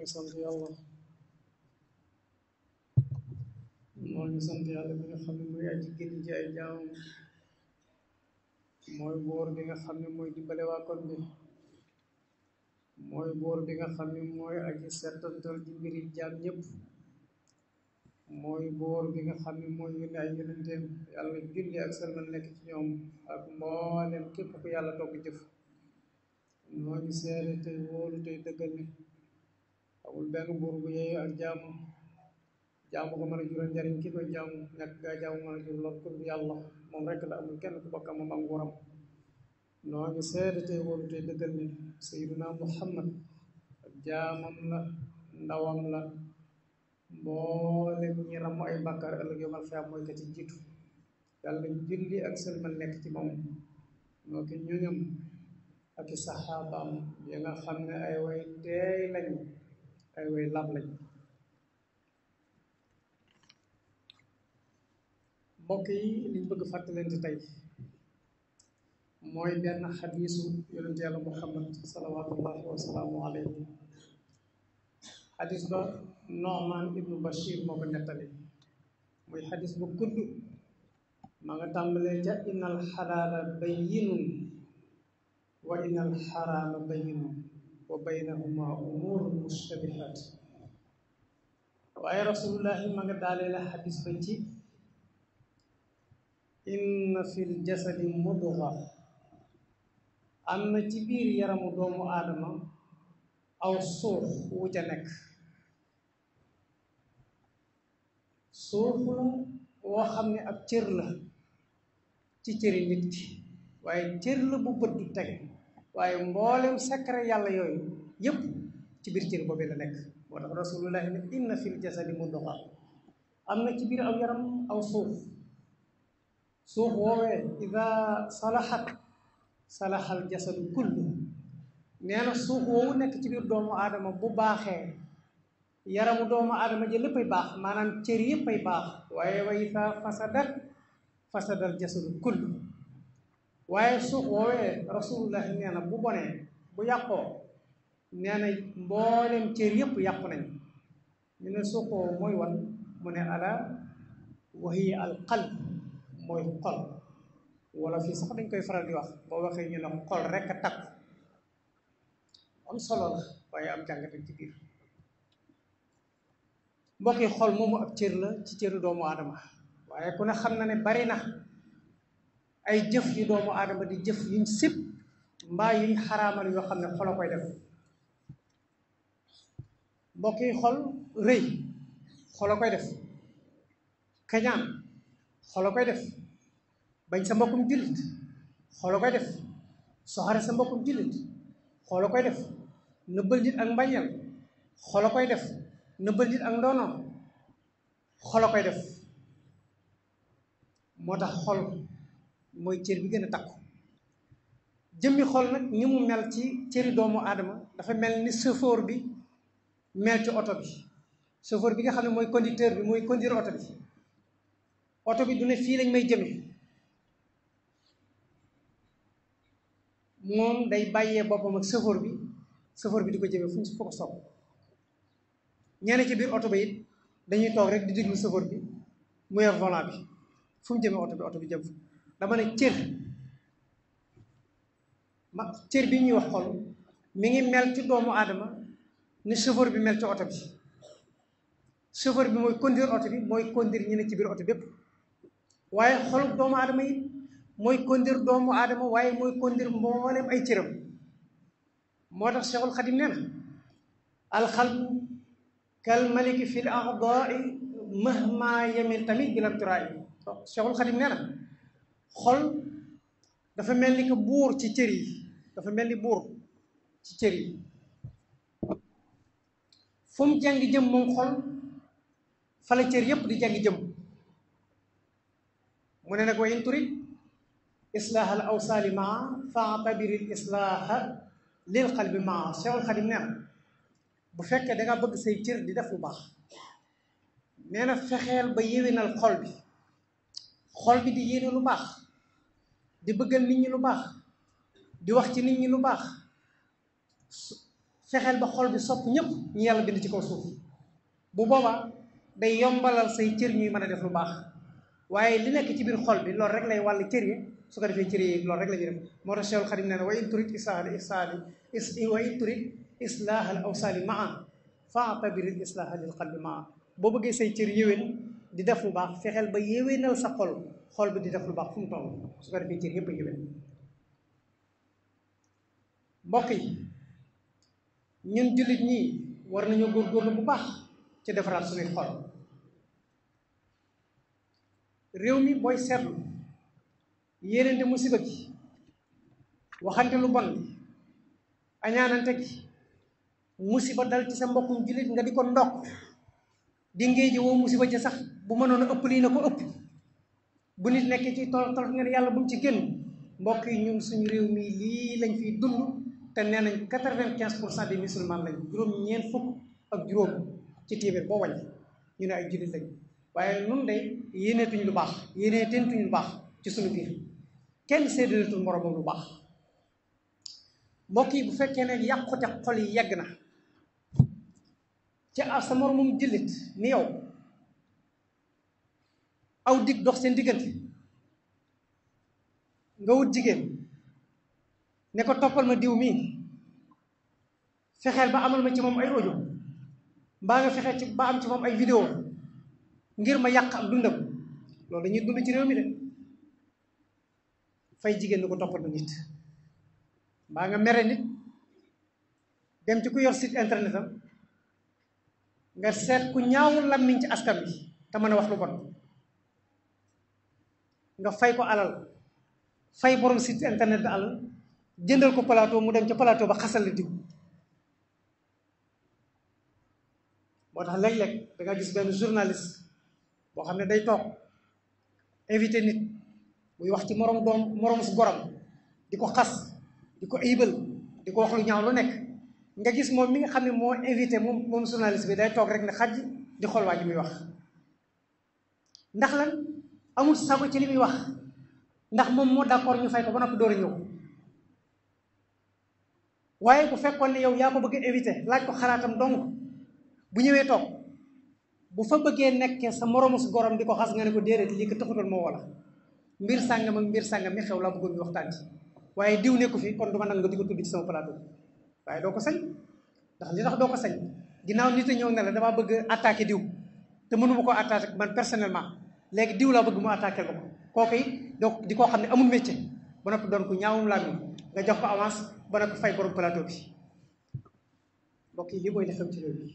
المقسم دي يلا المقسم دي يلا بينا خمي موي اجي جيل جاي جاو موي غور بينا خمي موي ديبالي واكون دي mooy boor bi nga xam ne mooy aji settantal ci mbiri jaam ñëpp mooy boor bi nga xam ne mooy yónni ay yonenteem yàlla julli ak salman nekk ci ñoom ak mboolem képp ku yàlla togg jëf ñoo ngi seere tey wóolu tey dëggal ne amul ben nguur bu ñuy ak jaamu jaamu ko mëna a jural njariñ ki ko jaamu nak gaa jaamu mëna a jur lor ko yàlla ya moom rek la amul kenn ku bokkam moom ak nguuram noo nah, ngi seede te wóolu tey dëggal ni sayyiduna muhammad ak jaamam la ndawam la mboolem ñi ram ay bàkkaar ëllëg yomal xiyaam moy ka ci jiitu yàlla jindi ak sëlmal nek ci moom noo ki ñam ak i yi nga xam ay way teey lañu highway lovely mbokk yi liñ bëgg fàttalente tey mooy benn xadiisu yonent yàlla muhammad salawatullahi wasalaamu alayhi xadis ba noomaan ibnu bashir moo ko nettali muy xadis bu gudd ma nga tàmbalee ca inal xalaala bayinun wa inal xaraama bayinun وبينهما أمور مشتبهات وأي رسول الله ما قد على حديث بنتي إن في الجسد مضغة أن تبير يرم دوم آدم أو صوف وجنك صوف وخمي أبتر له تتر نكتي وأي تر له ببرد التغيير waaye mboolem secret yàlla yooyu yépp ci biir cër boobee la nekk moo tax rasulullah ne inna fil jasadi mudga am na ci biir aw yaram aw suuf suuf woowee ida salaxat salaxal jasadu kullu nee na suuf woowu nekk ci biir doomu aadama bu baaxee yaramu doomu aadama ji léppay baax maanaam cër yéppay baax waaye wa ida fasadat fasadal jasadu kullu waaye su woowee rasulullahi nee bu bonee bu yàqoo nee na mboolem cër yëpp yàqu nañ ñu ne su ko mooy wan mu ne ala wahiya al mooy xol wala fii sax dañ koy faral di wax boo waxee ñu ne xol rek a takk am solo la waaye am jàngate ci mbokki xol moomu ab cër la ci cëru doomu aadama waaye ku ne xam na ne bari na ay jëf yi doomu aadama di jëf yuñ sib mbaa yi xaraamal yoo xam ne xolo koy def mbokk yi xol rëy xolo koy def kañaan xolo koy def bañ sa mbokkum jullit xolo koy def soxare sa mbokkum jullit xolo koy def nëbbal nit ak mbañeel xolo koy def nëbbal nit ak ndoono xolo koy def moo tax xol mooy cër bi gën a takku jëmmi xol nag ni mu mel ci cëri doomu aadama dafa mel ni chauffeur bi mel ci oto bi chauffeur bi nga xam ne mooy conducteur bi mooy conduire oto bi oto bi du ne fii lañ may jëme moom day bàyyee boppam ak bi chauffeur bi di ko jëme fu ñu ko sopp ñeneen ci biir oto bi it dañuy toog rek di déglu chauffeur bi mu yor volant bi fu mu jëmee oto bi oto bi jëm dama ne cër ma cër bi ñuy wax xol mi ngi mel ci doomu aadama ni chauffeur bi mel ci oto bi chauffeur bi mooy conduire oto bi mooy conduire ñi ne ci biir oto bépp waaye xol doomu aadama yi mooy conduire doomu aadama waaye mooy conduire mboolem ay cëram moo tax Cheikhul Xadim nee na alxalbu kal maliki fil a'daa'i mahma yamil tamit bila turaay Cheikhul Xadim nee xol dafa mel ni que buur ci cër dafa mel ni buur ci cër yi fu mu jàng jëm moom xol fa la cër yépp di jàng jëm mu ne nag wa in turid islaaha al awsaali maa atabir al islaaha lil qalbi maa Cheikhul Xadim nee na bu fekkee da nga bëgg say cër di def lu baax nee na fexeel ba yéwénal xol bi xol bi di yéene lu baax di bëggal nit ñi lu baax di wax ci nit ñi lu baax fexeel ba xol bi sopp ñépp ñu yàlla bind ci kaw suuf bu boobaa day yombalal say cër ñuy mën a def lu baax waaye li nekk ci biir xol bi loolu rek lay wàll cër yi su ko defee cër yi loolu rek la ñuy def moo tax Cheikhul Khadim nee na wa in turid islahal isaali is wa in turid islahal awsaali maa fa'tabiril islaha lil qalbi maa boo bëggee say cër yéwén di def lu baax fexeel ba yéwénal sa xol xol bi di def lu baax fu mu toll su ko defee cër yépp a yëwén mbokk yi ñun jullit ñi war nañu góor góorlu bu baax ci defaraat suñuy xol réew mi booy seetlu yéenante musiba gi waxante lu bon bi añaanante gi musiba dal ci sa mbokkum jullit nga di ko ndokk di ngéeji woo musiba ca sax bu mënoon a ëpp lii na ko ëpp bu nit nekk ci tol tol ngeen bu mu ci génn mbokk yi ñun suñu réew mi lii lañ fiy dund te nee nañ quatre-vingt-quinze pour cent des musulmans lañ juróom ñeent fukk ak juróom ci téeméer boo wàññi ñu ne ay jullit lañ waaye nun de yéeneetuñ lu baax yéeneentuñ lu baax ci suñu biir kenn séedaleetul moroomam lu baax mbokk yi bu fekkee ne yàqute xol yi yegg na ci sa moroomam jullit ni yow aw dig dox seen diggante nga wut jigéen ne ko toppal ma diw mii fexeel ba amal ma ci moom ay audio mbaa nga fexe ci ba am ci moom ay vidéo ngir ma yàq am dundam loolu dañuy dund ci réew mi de fay jigéen ni ko toppal ma nit mbaa nga mere nit dem ci ku yor site internet am nga seet ku ñaaw ñaawul lammiñ ci askan bi te mën a wax lu bon nga fay ko alal fay borom site internet alal jëndal ko plateau mu dem ci plateau ba xassal di bo tax léeg-léeg da nga gis ben journaliste bo xamne day tok inviter nit muy wax ci morom dom morom su borom diko xass diko di diko wax lu ñaaw lu nek nga gis mom mi nga xamne mo inviter mom mom journaliste bi day tok rek ne xaj di xol waa ji muy wax ndax lan amul sago ci limi wax ndax mom mo d'accord ñu fay ko ba noppi door ñu waye waaye bu fekkoon yow ya ko bëgg éviter laaj ko xaratam dong bu ñëwé tok bu fa bëggé nekké sa moromu su gorom diko xass nga ne ko dédé li ko taxutul mo wala mbir sangam ak mbir sangam mi xew la bëggoon ñu waxtaan ci waye diw neeku fi kon duma nang nga diko tuddi ci sama plateau waye doko sañ ndax li tax doko sañ ginaaw nit a ñëw ne la dama bëgg attaquer diw te mënuma ko attaquer man personnellement léegi diw la bëgg mu attaquer ko kooku it donc di koo xam amul métier ba noppi don ko ñaawum la làmmiñ nga jox ko avance ba noppi fay borom plateau bi mbokk yi li mooy defam ci réew bi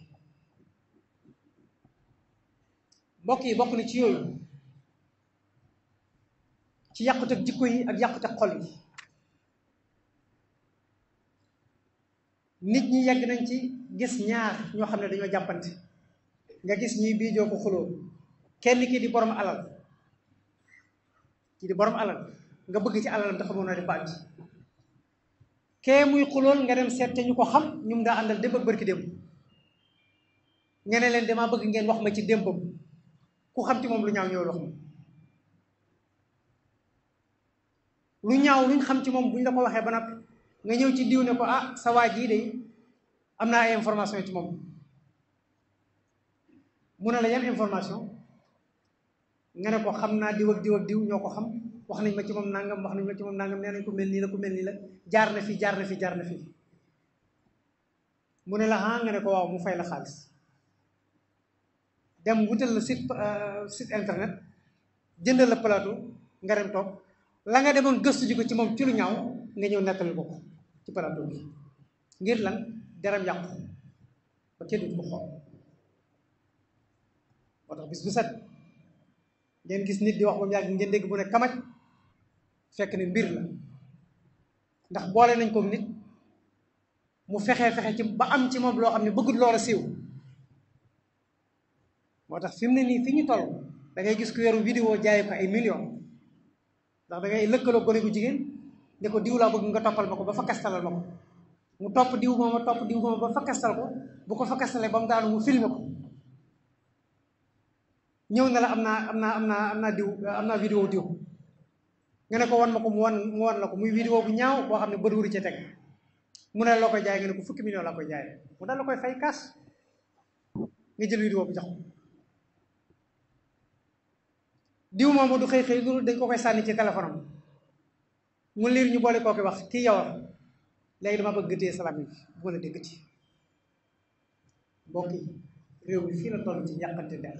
mbokk yi bokk na ci yooyu ci yàqut ak jikko yi ak yàqut ak xol yi nit ñi yegg nañ ci gis ñaar ñoo xamne ne dañoo jàppante nga gis ñi bi joko xulo kenn ki di borom alal ki di borom alal nga bëgg ci alalam dafa mëna di def bàcc kee muy xulool nga dem seet te ñu ko xam ñum daa àndal démb ak barki démb nga ne leen damaa bëgg ngeen wax ma ci démbam ku xam ci moom lu ñaaw ñëwal wax ma lu ñaaw luñ xam ci moom buñ la ko waxee ba nag nga ñëw ci diw ne ko ah sa waa jii de am naa ay information ci moom mu ne la yan information nga ne ko xam naa diw ak diw ak diw ñoo ko xam wax nañ ma ci moom nangam wax nañ ma ci moom nangam nee nañ ko mel nii la ku mel nii la jaar na fi jaar na fi jaar na fi mu ne la ha ah, nga ne ko waaw mu fay la xaalis dem wutal la site euh, site internet jëndal la plateau nga dem toog la nga demoon gëstu ji ko ci moom ci lu ñaaw nga ñëw nettali ko ko ci plateau bi ngir lan deram yàqu ba kenn du ko xool moo tax bis bu ngeen gis nit di wax bam yag ngeen deg bu nek kamaj fekk ni mbir la ndax boole nañ ko nit mu fexé fexé ci ba am ci mom lo xamni ne bëggul loola siiw motax tax fi mu ne nii fi ñu toll da ngay gis ku yoru vidéo jaay ko ay million ndax da ngay lëkkaloo gone gu jigen ne ko diw la bëgg nga topal mako ba fa kastal mako mu top diw mo top diw mo ba fa kastal ko bu ko fa kastalé bam mu daanu mu filmé ko ñëw na la amna amna amna amna diw amna video diw nga ne ko won mako won won wan la ko muy video bu ñaaw bo xamne ne bëri wuri ca teg mu ne la koy jaay nga ne ko fukki million la koy jaay mu dal la koy fay kas nga jël video bu jox diw moomu du xey xey lu dañ ko koy sanni ci telephone mu liir ñu ko ko wax ki yaw léegi dama bëgg gëtee salam yi bu la dégg ci bokki réew mi fii la ci ñàkkante dal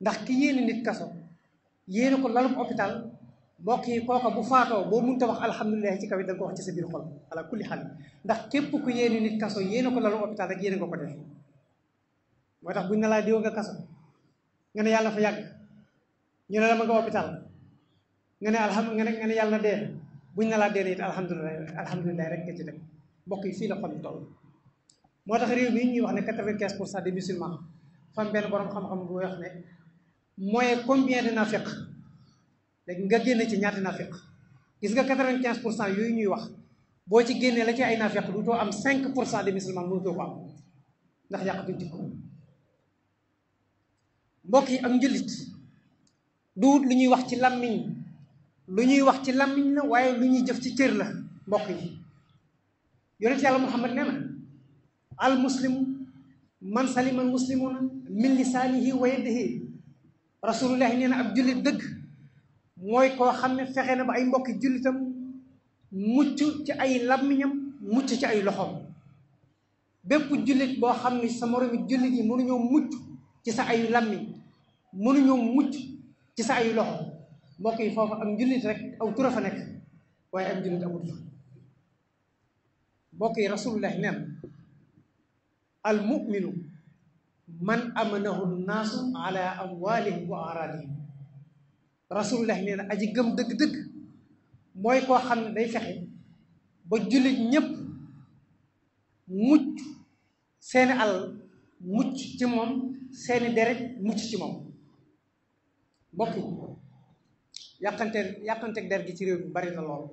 ndax ki yéene nit kaso yéene ko lalub hôpital mbokk yi kooka bu faatoo boo mënta wax alhamdulilah ci kaw it wax ci sa biir xol ala kulli xal ndax képp ku yéene nit kaso yéene ko lalub hôpital rek yéene nga ko def moo tax buñ ne laa diw nga kaso nga ne yàlla fa yàgg ñu ne la ma nga hôpital nga ne alham nga ne nga ne yàlla na dee buñ ne laa dee it alhamdulilah alhamdulilah rek nga ci dem mbokk yi fii la xol toll moo tax réew mi ñuy wax ne quatre-vingt-quinze pour cent des musulmans benn borom xam-xam bu wax ne mooy combien de nafiq leg nga genn ci ñaar nafiq gis nga 95 yoy ñuy wax bo ci génnee la ci ay nafiq du to am 5 de musulman mënutoo ko am ndax yàqatuñ jikko mbokk yi ak njëlit du lu ñuy wax ci lamiñ lu ñuy wax ci lamiñ la waye lu ñuy jëf ci cër la mbokk yi yonent yalla muhammad neena al Muslim, man salima al muslimuna min lisanihi wa yadihi rasulullah nee na ab jullit dëgg mooy koo xam ne fexe na ba ay mbokki jullitam mucc ci ay làmmiñam mucc ci ay loxoom bépp jullit boo xam ne sa moromi jullit yi mënuñoo mucc ci sa ay làmmiñ mënuñoo mucc ci sa ay loxo mbokk yi foofu am jullit rek aw tura fa nekk waaye am jullit amut fa mbokk yi rasulullah nee al muminu man amanahu nnaasu ala amwalihim wa aradihim rasulullah nee na aji gëm dëgg-dëgg mooy koo xam ne day fexe ba jullit ñépp mucc seeni al mucc ci moom seeni deret mucc ci moom mbokk yi yàqante yàqante der gi ci réew mi bari na lool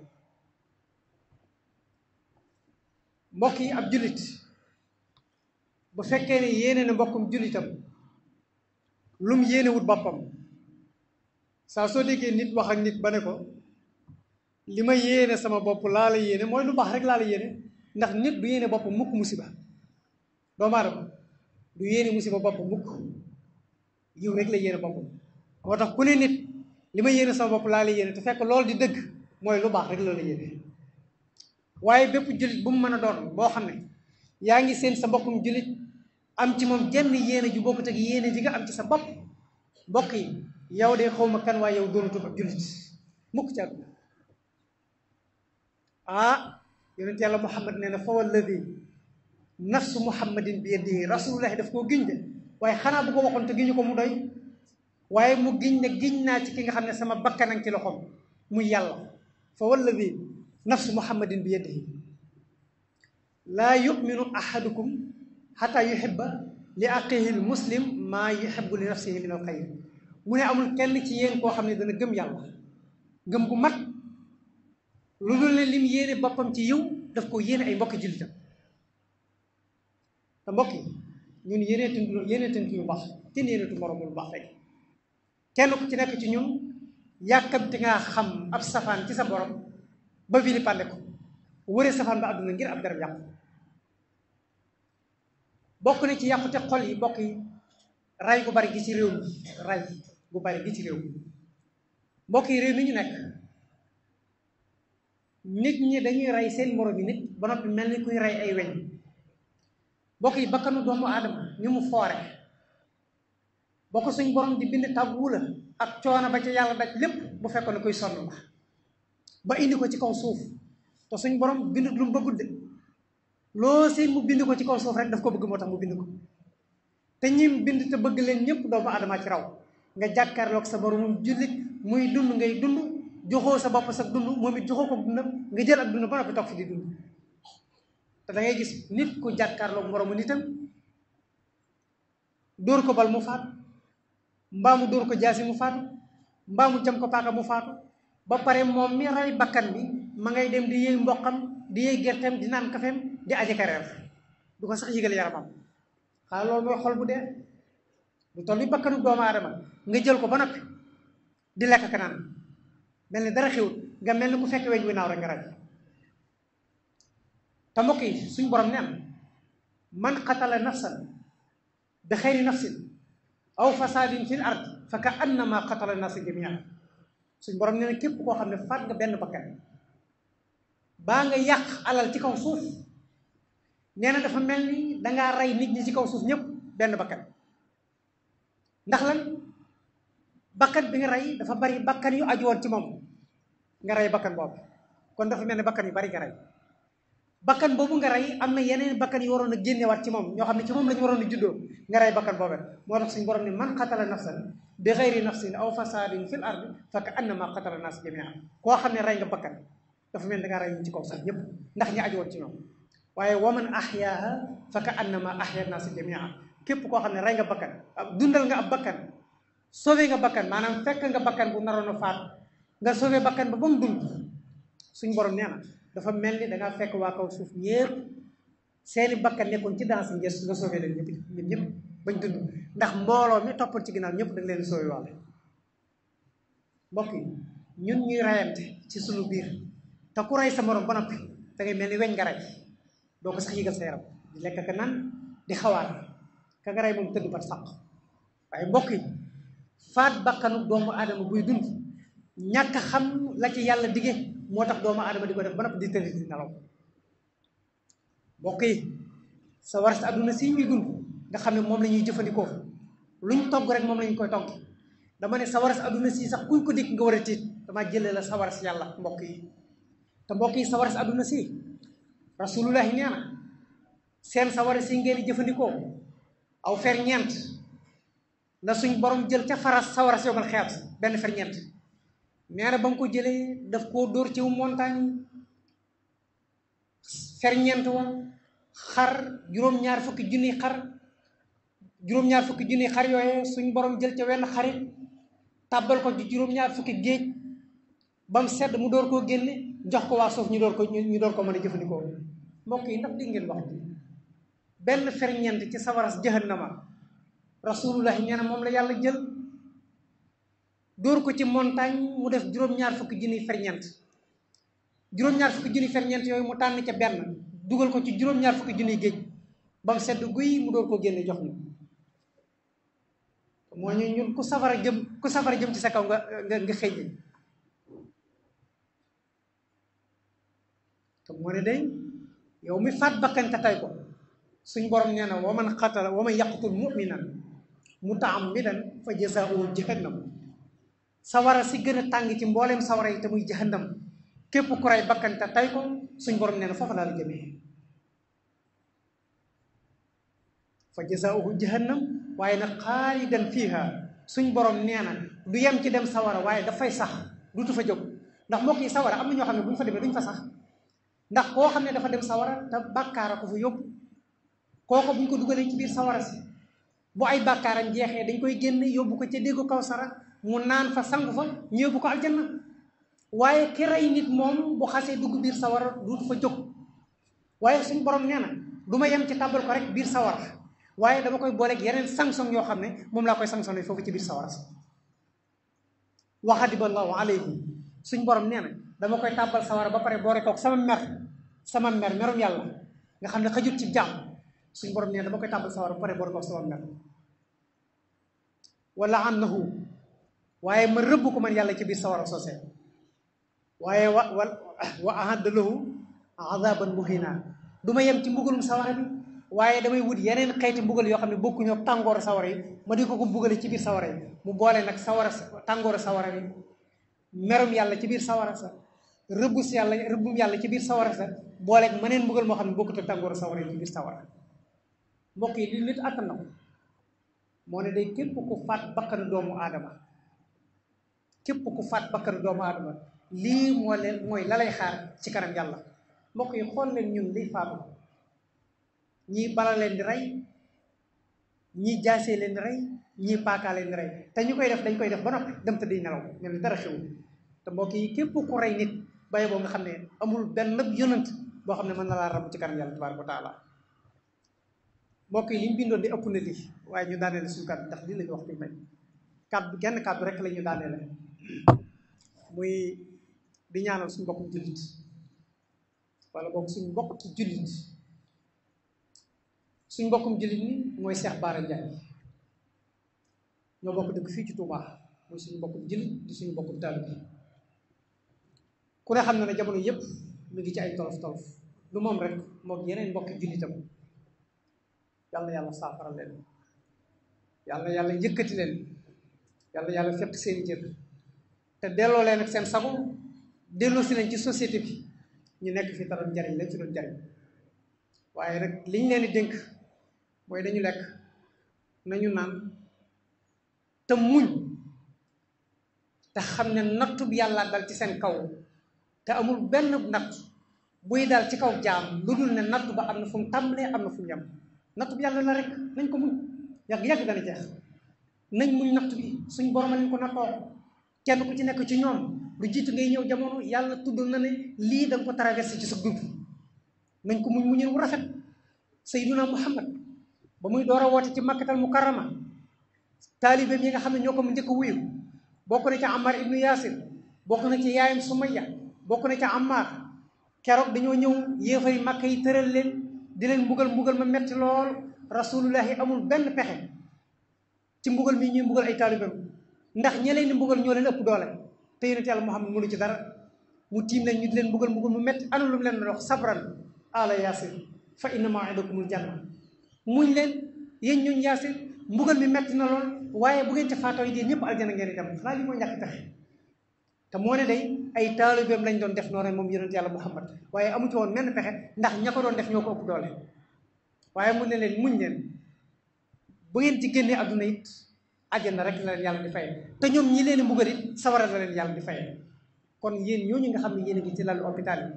mbokk yi ab jullit bu fekkee ne yéene na mbokkum jullitam lum yéene wut boppam saa soo déggee nit wax ak nit ba ne ko li ma yéene sama bopp laa la yéene mooy lu baax rek laa la yéene ndax nit du yéene bopp mukk musiba doomu aadama du yéene musiba bopp mukk yiw rek la yéene boppam moo tax ku ne nit li ma yéene sama bopp laa la yéene te loolu di dëgg mooy lu baax rek la la waaye bépp jullit bu mu mën a doon boo xam ne yaa ngi seen sa mbokkum jullit am ci moom jenn yéene ju te ak yéene ji nga am ci sa bopp mbokk yi yow de xaw ma kan waaye yow doonatoo ab jullit mukk ci àdduna ah yonent yàlla muhammad nee na fa walladi nafsu muhammadin bi yadihi rasulullahi daf koo giñ de waaye xanaa bu te giñu ko mu doy waaye mu giñ naa ci ki nga xam ne sama bakkanang ci loxoom muy yàlla fa walladi nafsu muhammadin bi yadihi laa yuminu ahadukum حتى يحب لأخيه المسلم ما يحب لنفسه من الخير من أمر كان تيين كو خامني دا نغم يالا غم كو مات لودول لين لي ييري بابام تي يو داف كو يين اي بوك جولتا تا بوك نون يينه تين دو يينه تين كيو باخ تين يينه تو مروم لو باخ لاي كين كو تي نيك تي نون ياكام تي nga خام اب سفان تي سا بوروم با فيلي باندي كو وري سفان با ادنا غير اب درم ياكو bokku na ci yakute xol yi bokki ray gu bari gi ci rew ray gu bari gi ci rew mi mbokk yi mi ñu nekk nit ñi dañuy ray seen morom yi nit ba noppi mel kuy ray ay weñ mbokk yi bakkanu doomu aadama ñu mu foore ba ko suñ borom di bind tàggu ak coono ba ca yàlla daj lépp bu fekkoon kuy sonn ba indi ko ci kaw suuf te suñ borom bind lu mu lo seen mu bind ko ci kaw suuf rek daf ko bëgg motax mu bind ko te ñim bind te bëgg leen ñëpp doomu adama ci raw nga jàkkaarloog sa borom julit muy dund ngay dund joxo sa bop sa dund momit joxo ko dund nga jël ak dund ba noppi tok fi di dund te da ngay gis nit ku jàkkaarloog borom nitam dor ko bal mu faat mbaa mu ko jasi mu faat mbaa mu jam ko paaka mu faatu ba pare mom mi ray bakkan bi ma ngay dem di yey mbokam di yey gerteem di nan kafem di aji kareer du ko sax yigal yaramam xala lol mooy xol bu de du tolli ni do ma aadama nga jël ko ba nopi di lek kanaan mel ni dara xewut nga melni ku fekk weñ wi naaw rek nga raj te mbokk borom neen man qatala nafsan bi khayri nafsin aw fasadin fil ard fa ka annama qatala nas jamian suñu borom neen kep ko xamne fat nga ben bakkan ba nga yak alal ci kaw suuf neena dafa melni da nga ray nit ñi ci kaw suuf ñep ben bakkan ndax lan bakkan bi nga ray dafa bari bakkan yu aju won ci mom nga ray bakkan bob kon dafa melni ni bakkan yu bari nga ray bakkan bobu nga ray amna yeneen bakkan yu warona genné wat ci mom ño xamni ci mom lañu warona juddo nga ray bakkan bobé mo tax suñu borom ni man qatala nafsan bi xeyri nafsin aw fasadin fil ard fa ka annama qatala nas jamian ko xamni ray nga bakkan dafa melni ni da nga ray ñi ci kaw suuf ñep ndax ñi aju won ci ñoom waye waman ahyaa fa ka annama ahya naasi jamia képp koo xam ne nga bakkan eh, dundal nga ab bakkan sove nga bakkan manam fek nga bakkan bu narono a nga sove bakkan ba bam mu dund suñ borom neena dafa melni da nga fek wa kaw suuf ñëpp seen bakkan nekkon ci dans ngir nga sove len ñepp ñepp ñëpp bañ dund ndax mbolo mi topal ci ginaaw ñepp da nga len sove waale mbokk yi ñun ñuy rayante ci suñu biir te ku ray sa morom ba noppi da ngay melni weñ nga ray do ko sax yëgal sa yaram di lek ka nan di xawaat ka nga rey moom tëdd bat faq waaye mbokk yi faat bakkanu doomu adama buy dund ñak xam la ci yalla digge motax doomu adama diko def ba noppi di teul di nalaw mbokk yi sa waras aduna si ñuy dund nga xam ne moom la ñuy luñ togg rek mom lañ koy togg dama ne sa waras aduna si sax kuñ ko dik nga wara a dama jëlé la sa waras yalla mbokk yi te mbokk yi sa waras aduna si rasulullah neena na seen sawara si ngeen di jëfandikoo aw fer ñent na suñ borom jël ca faras sawara si yobal xeet benn fer ñent neena na ko jëlee daf koo dóor ci montagne fer ñent wa xar juróom-ñaar fukki junni xar juróom-ñaar fukki junni xar yooye suñ borom jël ca wenn xarit tabal ko ci juróom-ñaar fukki géej bam sedd mu door koo génne jox ko waa suuf ñu door ko ñu door ko mën a jëfandikoo mbokk yi ndax di ngeen wax ferñent ci sawaras jahannama rasulullahi nee na moom la yàlla jël door ko ci montagne mu def juróom-ñaar fukk jini ferñent juróom-ñaar fukk junniy ferñent yooyu mu tànn ca benn dugal ko ci juróom-ñaar fukk jini géej bam sedd guy mu door koo génne jox ñu moo ñu ñun ku safara jëm ku safara jëm ci sa kaw nga nga nga te mu ne day yow mi faat bakkan te tey ko suñ borom nee na wa man qatala wa man yaqtul muminan mutaammidan fa jazaa'uhu jahannam sawara si gën a tàng ci mbooleem sawara yi te muy jahannam képp ku rey bakkan tey ko suñ borom nee na foofa laa la jëmee fa jazaa'uhu jahannam waaye nag xaalidan fiiha suñ borom nee na du yem ci dem sawara waaye dafay sax duutu fa jóg ndax mbokk yi sawara am na ñoo xam ne bu ñu fa demee duñ fa sax ndax koo xam ne dafa dem sawara te bàkkaara ko fa yóbbu kooko buñ ko dugalee ci biir sawara si bu ay bàkkaaram jeexee dañ koy génn yóbbu ko ca déggu kaw sara mu naan fa sangu fa ñu ko aljanna waaye ki rey nit moom bu xasee dugg biir sawara duut fa jóg waaye suñ borom nee na du ma yem ci tàbbal ko rek biir sawara waaye dama koy booleeg yeneen sanction yoo xam ne moom laa koy sanctionné foofu ci biir sawara si waxadiballahu alayhi suñ borom nee na dama koy tàbbal sawara ba pare bo koog sama mer sama mer merum yalla nga xamne xajut ci jàmm suñu borom ne dama koy sawara ba pare boore koog sama mer wala annahu waye ma rëbb ko man yalla ci bi sawara sosé waye wa wa wa azaban muhina duma yem ci mbugulum sawara bi waye damay wut yenen xeyti mbugal yo xam bokku bokkuñoo tangor sawara yi ma di ko ko mbugale ci bir sawara yi mu boole nak sawara tangor sawara yi merum yalla ci bir sawara sa rebus yalla rebum yalla ci bir sawara sa booleeg mëneen mbugal moo xam ne bokkut tangor sawara ci bir sawara mbokk yi li nit atana mo ne day kep ku fat bakkanu doomu adama kep ku fat bakkanu doomu adama li mo le moy la lay xaar ci karam yalla mbokk yi xol len ñun li faatu ñi bala di rey ñii jaasee leen di rey ñii ray def dañ koy def ba nopi dem te di nelaw ñu dara xewu te mbokk yi kep ku ray nit baye bo nga xamne amul benn yonent bo xamne man la ram ci kanam yalla tabaraka taala mbokk yi ñu bindon di ëpp na li way ñu la suñu kat ndax li lañ wax bi may kaddu genn kaddu rek lañu la muy di ñaanal suñu mbokk julit wala bok suñu mbokk ci julit suñu mbokkum julit ni moy cheikh bara ndjay ñoo bokk dëkk fi ci touba moy suñu mbokkum julit di suñu mbokkum talib ku ne xam na ne jamono yépp mi ngi ci ay tolof tolof du moom rek moog yeneen mbokki julitam yàlla yàlla saafara leen yàlla yàlla yëkkati leen yàlla yàlla fekk seen jël te delloo leen ak seen sago delloo si leen ci société bi ñu nekk fi taram njariñ la ci doon jariñ waaye rek liñ leen di dénk mooy dañu lekk nañu naan te muñ te xam ne nattu yàlla dal ci seen kaw te amul benn natt buy dal ci kaw jaam lu ne natt ba am na fu mu tàmbalee am na fu mu yem natt bi yàlla la rek nañ ko muñ yàgg yàgg dana jeex nañ muñ natt bi suñ borom lañ ko nattoo kenn ku ci nekk ci ñoom lu jiitu ngay ñëw jamono yàlla tudd na ne lii da nga ko traversé ci sa dund nañ ko muñ muñin wu rafet sayyiduna muhammad ba muy door a woote ci makkatal mukarrama taalibe yi nga xam ne ñoo ko mu njëkk wuyu bokk na ci amar ibnu yasir bokk na ci yaayam sumayya bokku na ci ammar kérok dañu ñew yéfa yi makkay teural leen di leen mbugal mbugal ma metti lool rasulullahi amul benn pexe ci mbugal mi ñuy mbugal ay talibam ndax ñi leen mbugal ñoo leen ëpp doole te yonent yàlla muhammad mënu ci dara mu tiim leen ñu di leen mbugal mbugal mu metti ana lu leen wax sabran ala yasir fa inna ma'idakumul janna muñ leen yeen ñun yasir mbugal mi metti na lool waaye bu ngeen ci faato yi di ñëpp aljana ngeen dem xanaa li mo ñak tax te mo ne day ay taalibeem lañ doon def noonu moom yonent yàlla muhammad waaye amu ci woon menn pexe ndax ña ko doon def ñoo ko ëpp doole waaye mu ne leen muñ leen bu ngeen ci génnee àdduna it àjjana rek la leen yàlla di fay te ñoom ñi leen mbugal it sawara la leen yàlla di fay kon yéen ñooñu nga xam ne yéen a ngi ci lalu hôpital yi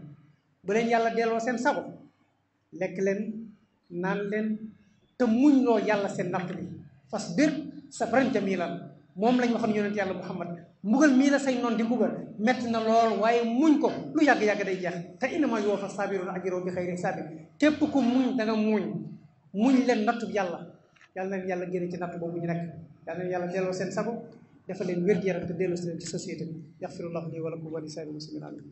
bu yàlla delloo seen sago lekk leen naan leen te muñ loo yàlla seen natt bi fas bir sabran jamilan moom lañ waxoon yonent yàlla muhammad mbugal mii la say noon di mbugal metti na lool waaye muñ ko lu yàgg-yàgg day jeex te innama yoo fa saabiroon ajroo bi xayri hisaabin képp ku muñ da nga muñ muñ leen nattu yàlla yàlla leen yàlla génne ci natt boobu ñu nekk yàlla leen yàlla delloo seen sago dafa leen wér-gu-yaram te delloo si leen ci société bi yaxfirullahu lii wa lakum wa lisaanil muslimin amin